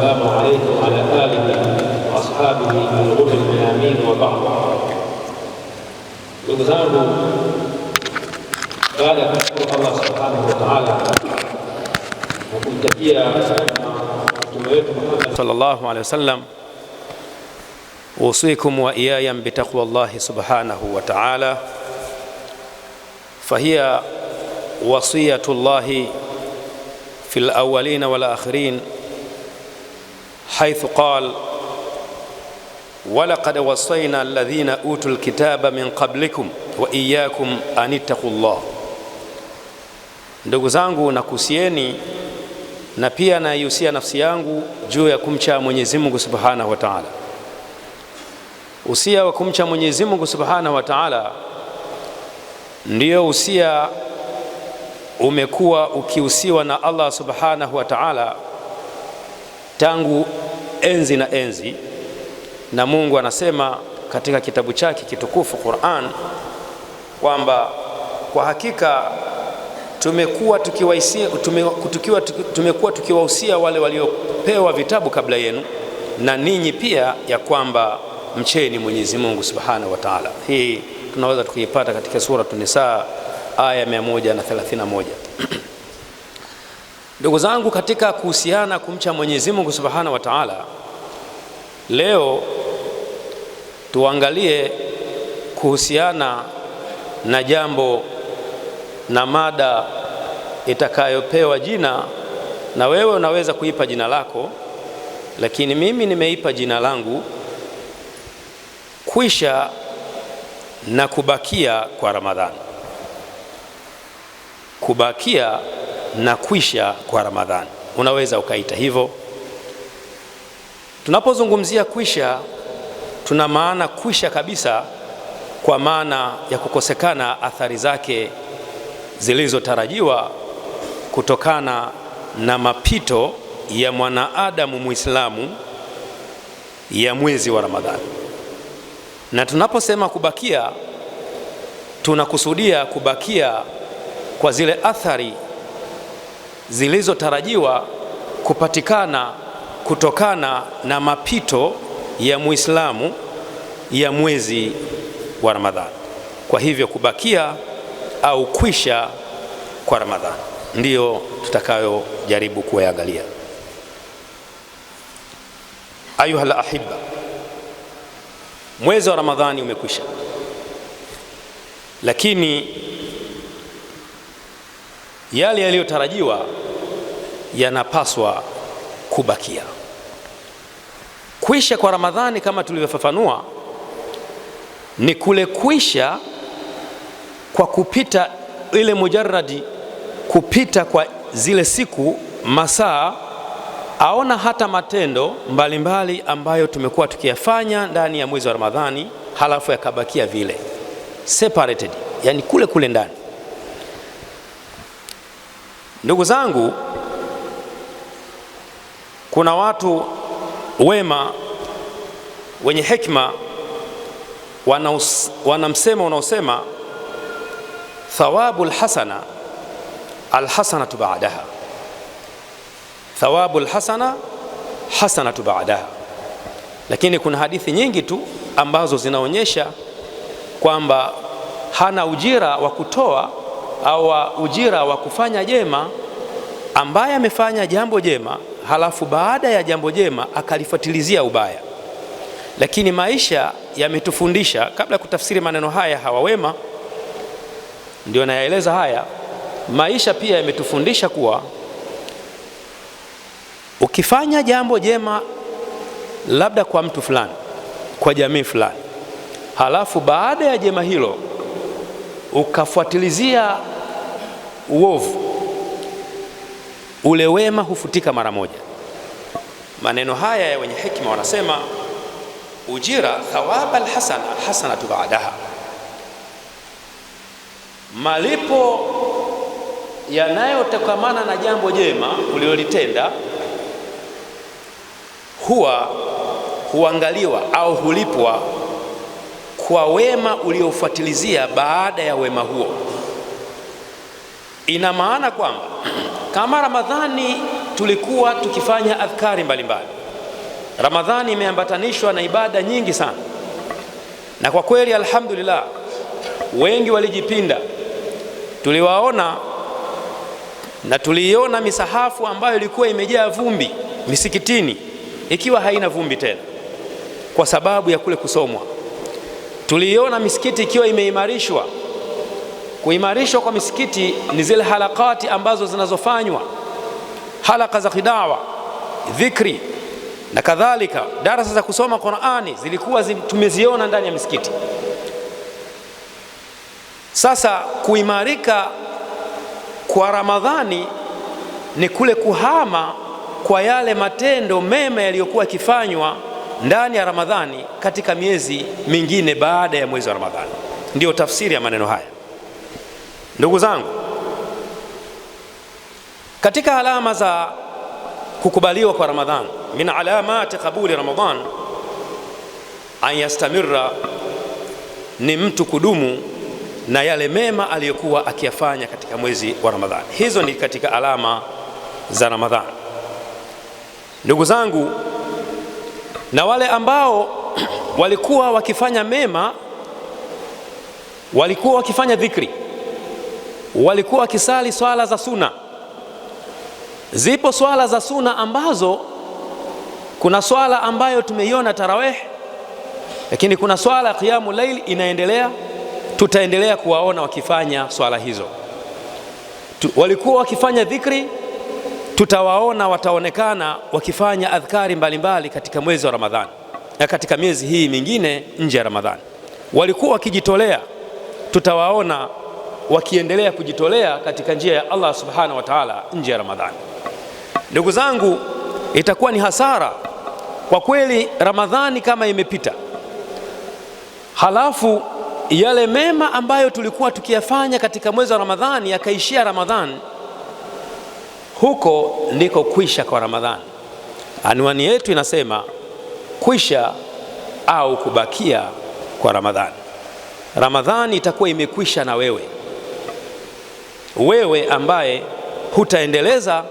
السلام عليكم وعلى آله وأصحابه من غد الميامين وبعض يظهر قال يقول الله سبحانه وتعالى وكنت فيها صلى الله عليه وسلم أوصيكم وإيايا بتقوى الله سبحانه وتعالى فهي وصية الله في الأولين والآخرين haithu qal ولقد wasaina الذين utu lkitaba من قبلكم wa iyakum an الله llah. Ndugu zangu, nakusieni na pia naihusia nafsi yangu juu ya kumcha Mwenyezi Mungu subhanahu wa taala. Usia wa kumcha Mwenyezi Mungu subhanahu wa taala ndiyo usia umekuwa ukiusiwa na Allah subhanahu wa taala tangu enzi na enzi, na Mungu anasema katika kitabu chake kitukufu Qur'an kwamba kwa hakika tumekuwa tukiwahusia tume, tumekuwa tukiwahusia wale waliopewa vitabu kabla yenu na ninyi pia, ya kwamba mcheni Mwenyezi Mungu Subhanahu wa Ta'ala. Hii tunaweza tukiipata katika sura an aya 131. Ndugu zangu katika kuhusiana kumcha Mwenyezi Mungu Subhanahu wa Ta'ala, leo tuangalie kuhusiana na jambo na mada itakayopewa jina, na wewe unaweza kuipa jina lako, lakini mimi nimeipa jina langu, kwisha na kubakia kwa Ramadhani. Kubakia na kwisha kwa Ramadhani, unaweza ukaita hivyo. Tunapozungumzia kwisha, tuna maana kwisha kabisa, kwa maana ya kukosekana athari zake zilizotarajiwa kutokana na mapito ya mwanaadamu Muislamu ya mwezi wa Ramadhani. Na tunaposema kubakia, tunakusudia kubakia kwa zile athari zilizotarajiwa kupatikana kutokana na mapito ya Muislamu ya mwezi wa Ramadhani. Kwa hivyo kubakia au kwisha kwa Ramadhani ndiyo tutakayojaribu kuyaangalia. Ayuhal ahibba, mwezi wa Ramadhani umekwisha, lakini yale yaliyotarajiwa yanapaswa kubakia. Kuisha kwa Ramadhani kama tulivyofafanua ni kule kuisha kwa kupita ile mujarradi, kupita kwa zile siku, masaa aona hata matendo mbalimbali mbali ambayo tumekuwa tukiyafanya ndani ya mwezi wa Ramadhani, halafu yakabakia vile separated, yani kule kule ndani Ndugu zangu, kuna watu wema wenye hekima wana wanaosema unaosema thawabu lhasana alhasanatu baadaha, thawabu lhasana hasanatu baadaha. Lakini kuna hadithi nyingi tu ambazo zinaonyesha kwamba hana ujira wa kutoa au ujira wa kufanya jema, ambaye amefanya jambo jema halafu baada ya jambo jema akalifuatilizia ubaya. Lakini maisha yametufundisha, kabla ya kutafsiri maneno haya hawa wema, ndio nayaeleza haya. Maisha pia yametufundisha kuwa ukifanya jambo jema labda kwa mtu fulani, kwa jamii fulani, halafu baada ya jema hilo ukafuatilizia uovu, ule wema hufutika mara moja. Maneno haya ya wenye hekima wanasema ujira thawaba alhasana hasanatu baadaha, malipo yanayotokamana na jambo jema uliolitenda huwa huangaliwa au hulipwa kwa wema uliofuatilizia baada ya wema huo. Ina maana kwamba kama Ramadhani tulikuwa tukifanya adhkari mbalimbali mbali. Ramadhani imeambatanishwa na ibada nyingi sana, na kwa kweli alhamdulillah, wengi walijipinda. Tuliwaona na tuliiona misahafu ambayo ilikuwa imejaa vumbi misikitini ikiwa haina vumbi tena kwa sababu ya kule kusomwa. Tuliiona misikiti ikiwa imeimarishwa Kuimarishwa kwa misikiti ni zile halakati ambazo zinazofanywa halaka za kidawa, dhikri na kadhalika, darasa za kusoma Qurani zilikuwa tumeziona ndani ya misikiti. Sasa kuimarika kwa Ramadhani ni kule kuhama kwa yale matendo mema yaliyokuwa yakifanywa ndani ya Ramadhani katika miezi mingine baada ya mwezi wa Ramadhani. Ndiyo tafsiri ya maneno haya. Ndugu zangu, katika alama za kukubaliwa kwa Ramadhan, min alamati qabuli Ramadhan an yastamira, ni mtu kudumu na yale mema aliyokuwa akiyafanya katika mwezi wa Ramadhan. Hizo ni katika alama za Ramadhan. Ndugu zangu, na wale ambao walikuwa wakifanya mema, walikuwa wakifanya dhikri walikuwa wakisali swala za suna. Zipo swala za suna ambazo kuna swala ambayo tumeiona tarawih, lakini kuna swala ya qiyamu laili inaendelea. Tutaendelea kuwaona wakifanya swala hizo. Tu, walikuwa wakifanya dhikri, tutawaona wataonekana wakifanya adhkari mbalimbali mbali katika mwezi wa Ramadhani na katika miezi hii mingine nje ya Ramadhani. Walikuwa wakijitolea, tutawaona wakiendelea kujitolea katika njia ya Allah subhanahu wa ta'ala nje ya Ramadhani. Ndugu zangu, itakuwa ni hasara kwa kweli Ramadhani kama imepita, halafu yale mema ambayo tulikuwa tukiyafanya katika mwezi wa Ramadhani yakaishia Ramadhani. Huko ndiko kwisha kwa Ramadhani. Anwani yetu inasema kwisha au kubakia kwa Ramadhani. Ramadhani itakuwa imekwisha na wewe wewe ambaye hutaendeleza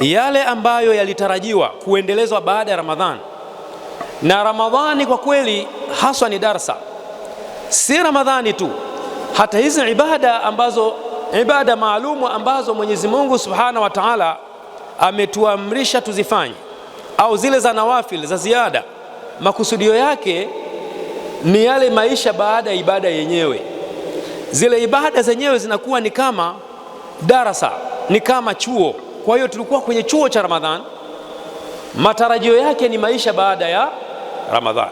yale ambayo yalitarajiwa kuendelezwa baada ya Ramadhani. Na Ramadhani kwa kweli haswa ni darsa, si Ramadhani tu, hata hizi ibada ambazo ibada maalumu ambazo Mwenyezi Mungu Subhanahu wa Ta'ala ametuamrisha tuzifanye, au zile za nawafil za ziada, makusudio yake ni yale maisha baada ya ibada yenyewe. Zile ibada zenyewe zinakuwa ni kama darasa ni kama chuo. Kwa hiyo tulikuwa kwenye chuo cha Ramadhan, matarajio yake ni maisha baada ya Ramadhan.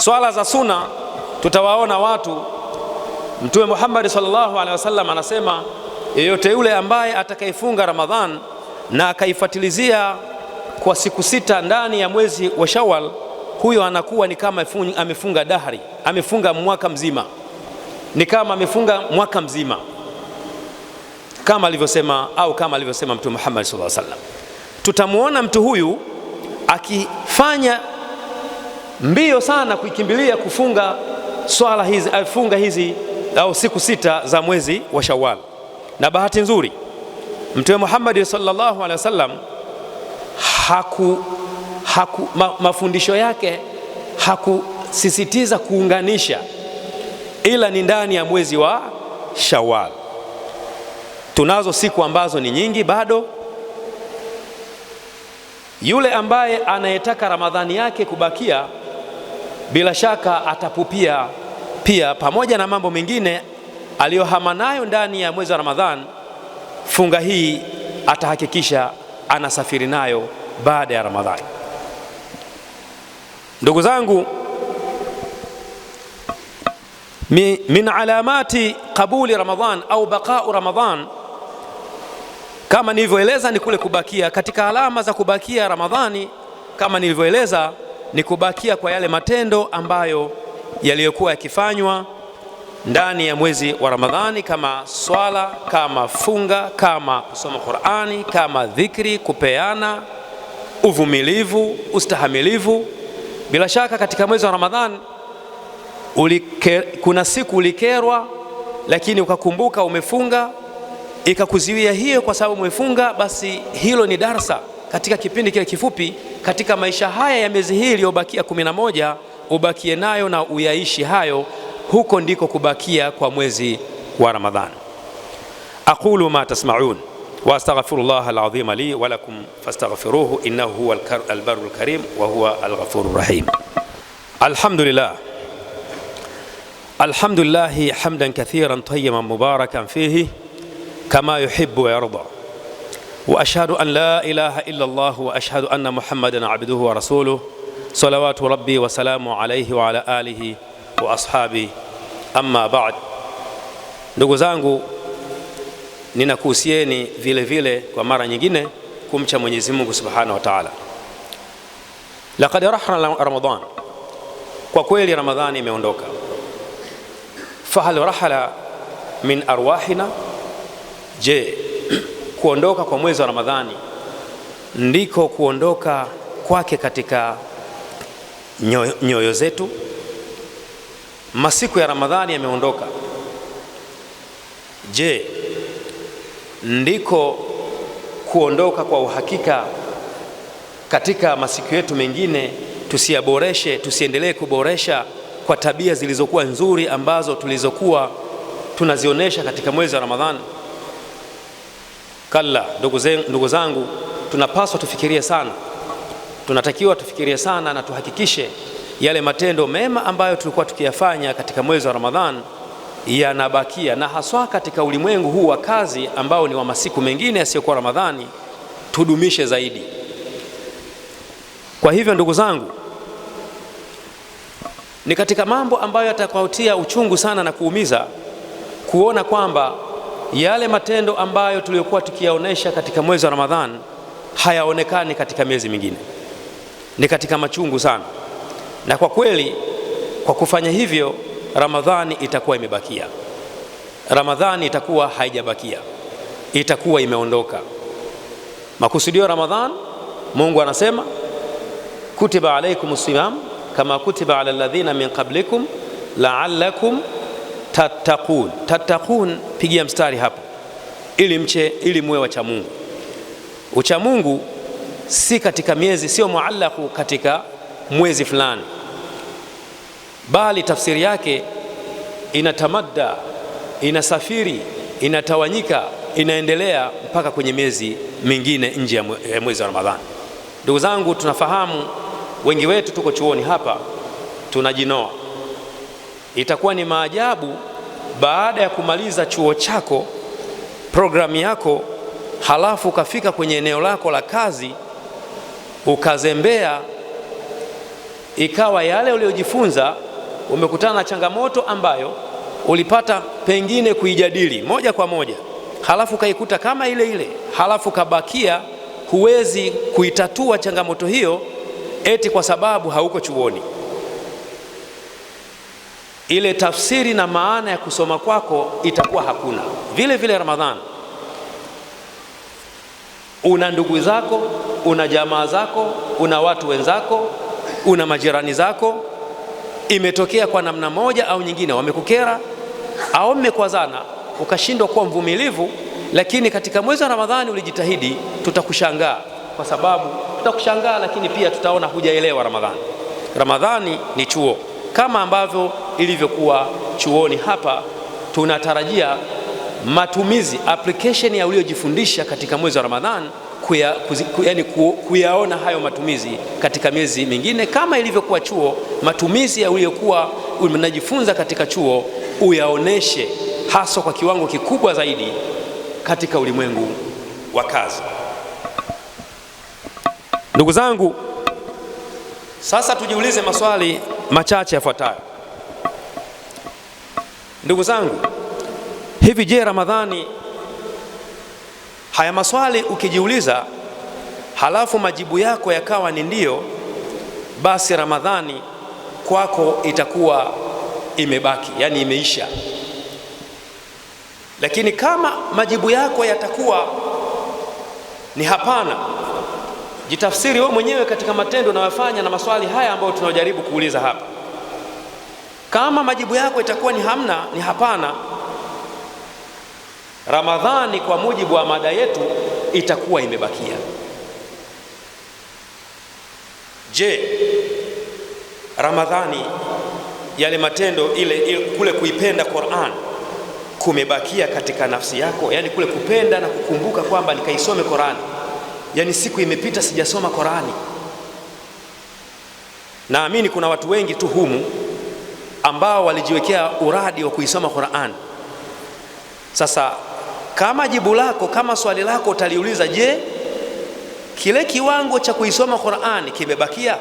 Swala za suna tutawaona watu. Mtume Muhammad sallallahu alaihi wasallam anasema yeyote yule ambaye atakayefunga Ramadhan na akaifatilizia kwa siku sita ndani ya mwezi wa shawal huyo anakuwa ni kama amefunga dahari, amefunga mwaka mzima, ni kama amefunga mwaka mzima kama alivyosema au kama alivyosema Mtume Muhammad sallallahu alaihi wasallam. Tutamwona mtu huyu akifanya mbio sana kuikimbilia kufunga swala hizi afunga eh, hizi au siku sita za mwezi wa Shawwal. Na bahati nzuri Mtume Muhammad sallallahu alaihi wasallam haku, haku ma, mafundisho yake hakusisitiza kuunganisha, ila ni ndani ya mwezi wa Shawwal. Tunazo siku ambazo ni nyingi bado. Yule ambaye anayetaka Ramadhani yake kubakia, bila shaka atapupia pia, pamoja na mambo mengine aliyohama nayo ndani ya mwezi wa Ramadhani, funga hii atahakikisha anasafiri nayo baada ya Ramadhani. Ndugu zangu, min alamati qabuli Ramadhan au baqau Ramadhan kama nilivyoeleza ni kule kubakia. Katika alama za kubakia Ramadhani, kama nilivyoeleza, ni kubakia kwa yale matendo ambayo yaliyokuwa yakifanywa ndani ya mwezi wa Ramadhani, kama swala, kama funga, kama kusoma Qur'ani, kama dhikri, kupeana, uvumilivu, ustahamilivu. Bila shaka katika mwezi wa Ramadhani ulike, kuna siku ulikerwa, lakini ukakumbuka umefunga ikakuziwia hiyo kwa sababu umefunga, basi hilo ni darsa katika kipindi kile kifupi katika maisha haya ya miezi hii iliyobakia kumi na moja ubakie nayo na uyaishi hayo. Huko ndiko kubakia kwa mwezi wa Ramadhani. aqulu ma tasmaun wa astaghfirullah alazim li wa lakum fastaghfiruhu innahu huwa albarul karim wa huwa alghafurur rahim. Alhamdulillah alhamdulillah hamdan kathiran tayyiban mubarakan fihi kama yuhibbu wa yarda wa ashhadu an la ilaha illa Allah wa ashhadu anna Muhammadan abduhu wa rasuluh salawatu rabbi wa salamu alayhi wa ala alihi wa ashabi amma ba'd. Ndugu zangu, ninakuhusieni vile vile kwa mara nyingine kumcha Mwenyezi Mungu subhanahu wa taala. Laqad rahna Ramadan, kwa kweli Ramadhani imeondoka. Fahal rahala min arwahina Je, kuondoka kwa mwezi wa Ramadhani ndiko kuondoka kwake katika nyoyo, nyoyo zetu? Masiku ya Ramadhani yameondoka. Je, ndiko kuondoka kwa uhakika katika masiku yetu mengine? Tusiyaboreshe, tusiendelee kuboresha kwa tabia zilizokuwa nzuri ambazo tulizokuwa tunazionyesha katika mwezi wa Ramadhani. Kalla, ndugu zangu, tunapaswa tufikirie sana, tunatakiwa tufikirie sana na tuhakikishe yale matendo mema ambayo tulikuwa tukiyafanya katika mwezi wa Ramadhan yanabakia, na haswa katika ulimwengu huu wa kazi ambao ni wa masiku mengine yasiyokuwa Ramadhani, tudumishe zaidi. Kwa hivyo ndugu zangu, ni katika mambo ambayo yatakutia uchungu sana na kuumiza kuona kwamba yale matendo ambayo tuliyokuwa tukiyaonesha katika mwezi wa ramadhan hayaonekani katika miezi mingine, ni katika machungu sana. Na kwa kweli, kwa kufanya hivyo, Ramadhani itakuwa imebakia, Ramadhani itakuwa haijabakia, itakuwa imeondoka. Makusudio ya ramadhan Mungu anasema kutiba alaikum siyam kama kutiba ala alladhina min qablikum la'allakum tattaqun. Tattaqun, pigia mstari hapo ili mche, ili muwe wacha Mungu. Ucha Mungu si katika miezi, sio muallaku katika mwezi fulani, bali tafsiri yake inatamadda, inasafiri, inatawanyika, inaendelea mpaka kwenye miezi mingine nje ya mwezi wa Ramadhani. Ndugu zangu, tunafahamu wengi wetu tuko chuoni hapa tunajinoa Itakuwa ni maajabu baada ya kumaliza chuo chako, programu yako, halafu ukafika kwenye eneo lako la kazi ukazembea, ikawa yale uliyojifunza umekutana na changamoto ambayo ulipata pengine kuijadili moja kwa moja, halafu ukaikuta kama ile ile, halafu kabakia huwezi kuitatua changamoto hiyo, eti kwa sababu hauko chuoni ile tafsiri na maana ya kusoma kwako itakuwa hakuna. Vile vile Ramadhani, una ndugu zako, una jamaa zako, una watu wenzako, una majirani zako, imetokea kwa namna moja au nyingine wamekukera au mmekwazana, ukashindwa kuwa mvumilivu, lakini katika mwezi wa Ramadhani ulijitahidi, tutakushangaa kwa sababu tutakushangaa, lakini pia tutaona hujaelewa Ramadhani. Ramadhani ni chuo kama ambavyo ilivyokuwa chuoni. Hapa tunatarajia matumizi application ya uliyojifundisha katika mwezi wa Ramadhan kuya, kuzi, kuya, yani kuyaona hayo matumizi katika miezi mingine kama ilivyokuwa chuo. Matumizi ya uliyokuwa unajifunza katika chuo uyaoneshe haswa kwa kiwango kikubwa zaidi katika ulimwengu wa kazi. Ndugu zangu, sasa tujiulize maswali machache yafuatayo. Ndugu zangu, hivi je, Ramadhani haya maswali ukijiuliza, halafu majibu yako yakawa ni ndiyo, basi Ramadhani kwako itakuwa imebaki, yani imeisha. Lakini kama majibu yako yatakuwa ni hapana, jitafsiri wewe mwenyewe katika matendo unayofanya na maswali haya ambayo tunajaribu kuuliza hapa. Kama majibu yako itakuwa ni hamna, ni hapana, Ramadhani kwa mujibu wa mada yetu itakuwa imebakia. Je, Ramadhani yale matendo ile, ile kule kuipenda Qur'an kumebakia katika nafsi yako, yaani kule kupenda na kukumbuka kwamba nikaisome Qur'an, yaani siku imepita sijasoma Qur'ani. Naamini kuna watu wengi tu humu ambao walijiwekea uradi wa kuisoma Qur'an. Sasa kama jibu lako kama swali lako utaliuliza, je, kile kiwango cha kuisoma Qur'an kimebakia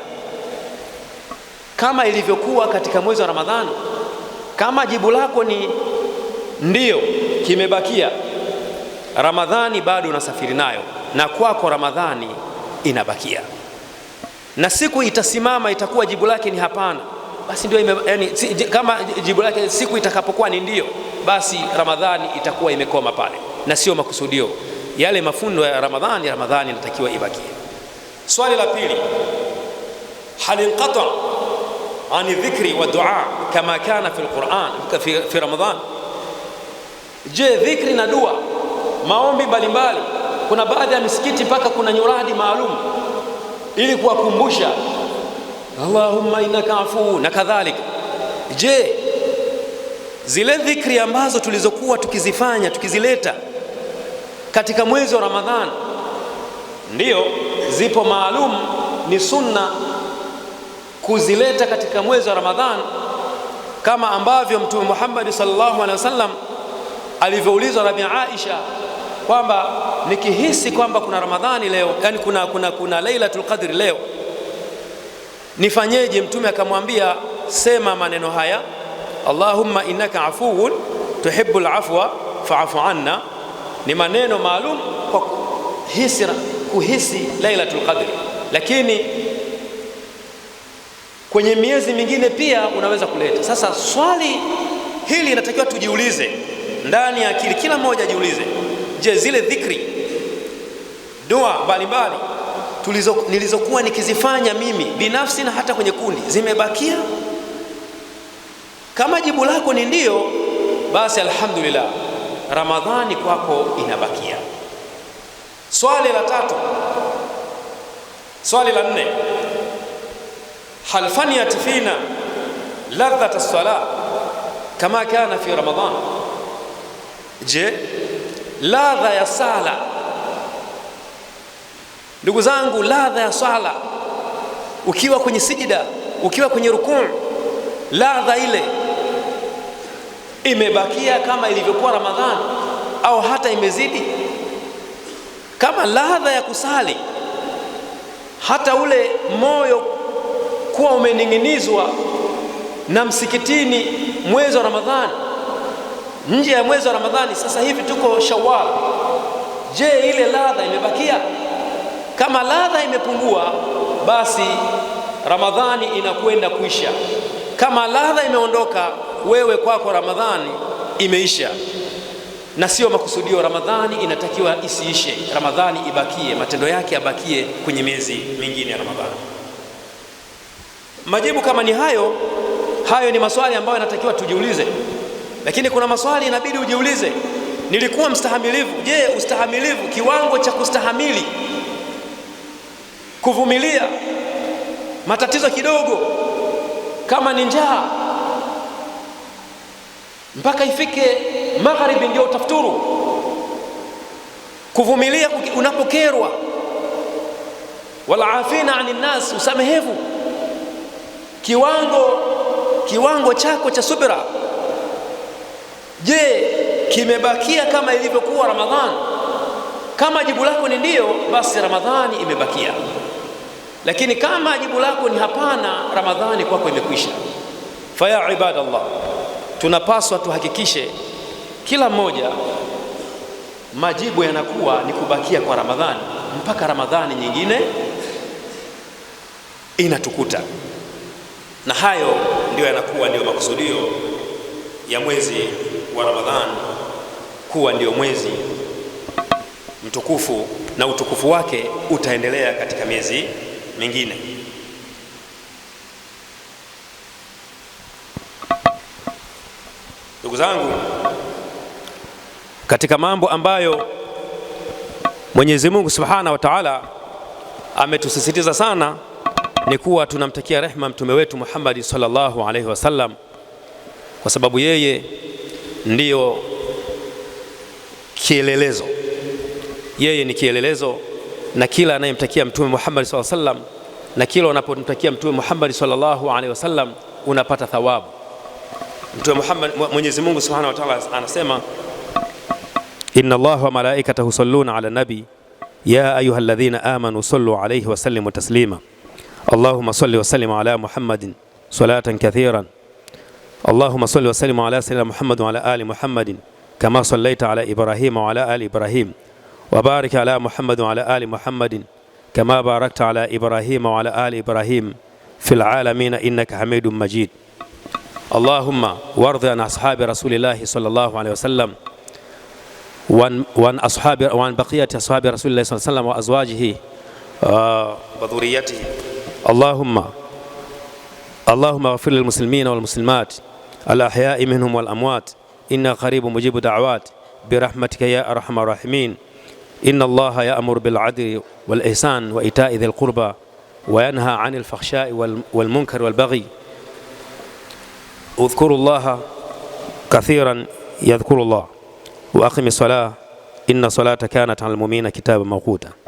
kama ilivyokuwa katika mwezi wa Ramadhani? Kama jibu lako ni ndio kimebakia, Ramadhani bado unasafiri nayo, na kwako Ramadhani inabakia, na siku itasimama, itakuwa jibu lake ni hapana basi ndio ime, yani, kama jibu lake siku itakapokuwa ni ndio, basi Ramadhani itakuwa imekoma pale na sio makusudio. Yale mafundo ya Ramadhani, Ramadhani inatakiwa ibakie. Swali la pili, hal inqata ani dhikri wa dua kama kana fi alquran fi, fi Ramadhan. Je, dhikri na dua, maombi mbalimbali, kuna baadhi ya misikiti mpaka kuna nyuradi maalum ili kuwakumbusha Allahumma innaka afu na kadhalika. Je, zile dhikri ambazo tulizokuwa tukizifanya tukizileta katika mwezi wa ramadhan ndiyo zipo maalum, ni sunna kuzileta katika mwezi wa Ramadhan kama ambavyo Mtume Muhammad sallallahu alaihi wasallam alivyoulizwa na Bi Aisha kwamba nikihisi kwamba kuna Ramadhani leo, yani kuna, kuna, kuna Lailatul Qadri leo nifanyeje? Mtume akamwambia sema maneno haya, Allahumma innaka afuwun tuhibbul afwa fa'fu anna. Ni maneno maalum kwa kuhisi, kuhisi Lailatul Qadr, lakini kwenye miezi mingine pia unaweza kuleta. Sasa swali hili inatakiwa tujiulize ndani ya akili, kila mmoja ajiulize, je, zile dhikri dua mbalimbali tulizo, nilizokuwa nikizifanya mimi binafsi na hata kwenye kundi zimebakia? Kama jibu lako ni ndio basi alhamdulillah, Ramadhani kwako inabakia. Swali la tatu, swali la nne, hal faniyat fina ladhat as-sala kama kana fi Ramadhan, je, ladha ya sala Ndugu zangu, ladha ya swala ukiwa kwenye sijida, ukiwa kwenye rukuu, ladha ile imebakia kama ilivyokuwa Ramadhani au hata imezidi, kama ladha ya kusali, hata ule moyo kuwa umening'inizwa na msikitini mwezi wa Ramadhani, nje ya mwezi wa Ramadhani. Sasa hivi tuko Shawwal, je, ile ladha imebakia? Kama ladha imepungua, basi Ramadhani inakwenda kuisha. Kama ladha imeondoka, wewe kwako Ramadhani imeisha, na sio makusudio. Ramadhani inatakiwa isiishe, Ramadhani ibakie, matendo yake yabakie kwenye miezi mingine ya Ramadhani. Majibu kama ni hayo hayo, ni maswali ambayo yanatakiwa tujiulize, lakini kuna maswali inabidi ujiulize. Nilikuwa mstahamilivu. Je, ustahamilivu, kiwango cha kustahamili kuvumilia matatizo kidogo, kama ni njaa mpaka ifike magharibi ndio utafuturu, kuvumilia unapokerwa, walafina ani nnas, usamehevu, kiwango kiwango chako cha subira, je, kimebakia kama ilivyokuwa Ramadhani? Kama jibu lako ni ndio, basi Ramadhani imebakia. Lakini kama jibu lako ni hapana, Ramadhani kwako imekwisha. Faya ibadallah, tunapaswa tuhakikishe kila mmoja majibu yanakuwa ni kubakia kwa Ramadhani mpaka Ramadhani nyingine inatukuta, na hayo ndio yanakuwa ndio makusudio ya mwezi wa Ramadhani kuwa ndio mwezi mtukufu na utukufu wake utaendelea katika miezi mengine. Ndugu zangu, katika mambo ambayo Mwenyezi Mungu Subhanahu wa Ta'ala ametusisitiza sana ni kuwa tunamtakia rehma mtume wetu Muhammad sallallahu alaihi wasallam, kwa sababu yeye ndiyo kielelezo, yeye ni kielelezo na kila anayemtakia Mtume Muhammad sallallahu alaihi wasallam na kila unapomtakia Mtume Muhammad sallallahu alaihi wasallam unapata thawabu. Mtume Muhammad, Mwenyezi Mungu subhanahu wa ta'ala anasema inna Allaha wa malaikatahu yusalluna ala nabi ya ayyuhalladhina amanu sallu alayhi wa sallimu taslima Allahumma salli wa sallim ala Muhammadin salatan kathiran Allahumma salli wa sallim ala sayyidina Muhammad wa ala ali Muhammadin kama sallaita ala Ibrahim wa ala ali Ibrahim وبارك على محمد وعلى آل محمد كما باركت على إبراهيم وعلى آل إبراهيم في العالمين إنك حميد مجيد اللهم وارض عن أصحاب رسول الله صلى الله عليه وسلم وعن أصحاب وعن بقية أصحاب رسول الله صلى الله عليه وسلم وأزواجه آه، وذريته اللهم اللهم اغفر للمسلمين والمسلمات الأحياء منهم والأموات إنا قريب مجيب دعوات برحمتك يا أرحم الراحمين إن الله يأمر بالعدل والإحسان وإيتاء ذي القربى وينهى عن الفحشاء والمنكر والبغي اذكروا الله كثيرا يذكر الله وأقم الصلاة إن الصلاة كانت على المؤمنين كتابا موقوتا